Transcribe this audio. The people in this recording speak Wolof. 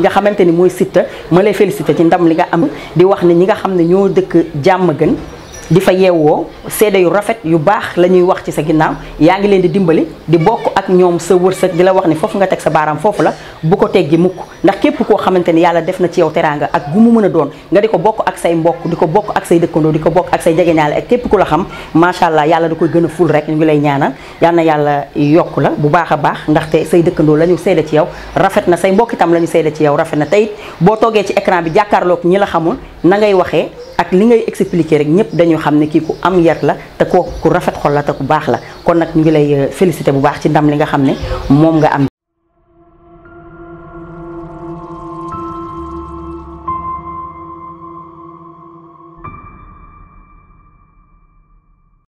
nga xamante ni mooy Siteu ma lay félicité ci ndam li nga am di wax ne ñi nga xam ne ñoo dëkk jàmm gën di fa yeewoo seede yu rafet yu baax la ñuy wax ci sa ginnaaw yaa ngi leen di dimbali di bokk ak ñoom sa wërsëg di la wax ni foofu nga teg sa baaraam foofu la bu ko teggi mukk ndax képp koo xamante ni yàlla def na ci yow teraanga ak bu mu mën a doon nga di ko bokk ak say mbokk di ko bokk ak say dëkkandoo di ko bokk ak say jegeñaale ak képp ku la xam macha allah yàlla da koy gën a ful rek ñu ñaanal yal yàlla yokk la bu baax a baax ndaxte say dëkkandoo la ñu seede ci yow rafet na say mbokk itam la ñu seede ci yow rafet na tey boo toogee ci écran bi jàkkaarloog ñi la xamul na ngay waxee ak li ngay expliquer rek ñëpp dañu xam ne kii ku am yar la te koo ku rafet xol la te ku baax la kon nag ñu ngi lay euh, félicité bu baax ci ndam li nga xam ne moom nga am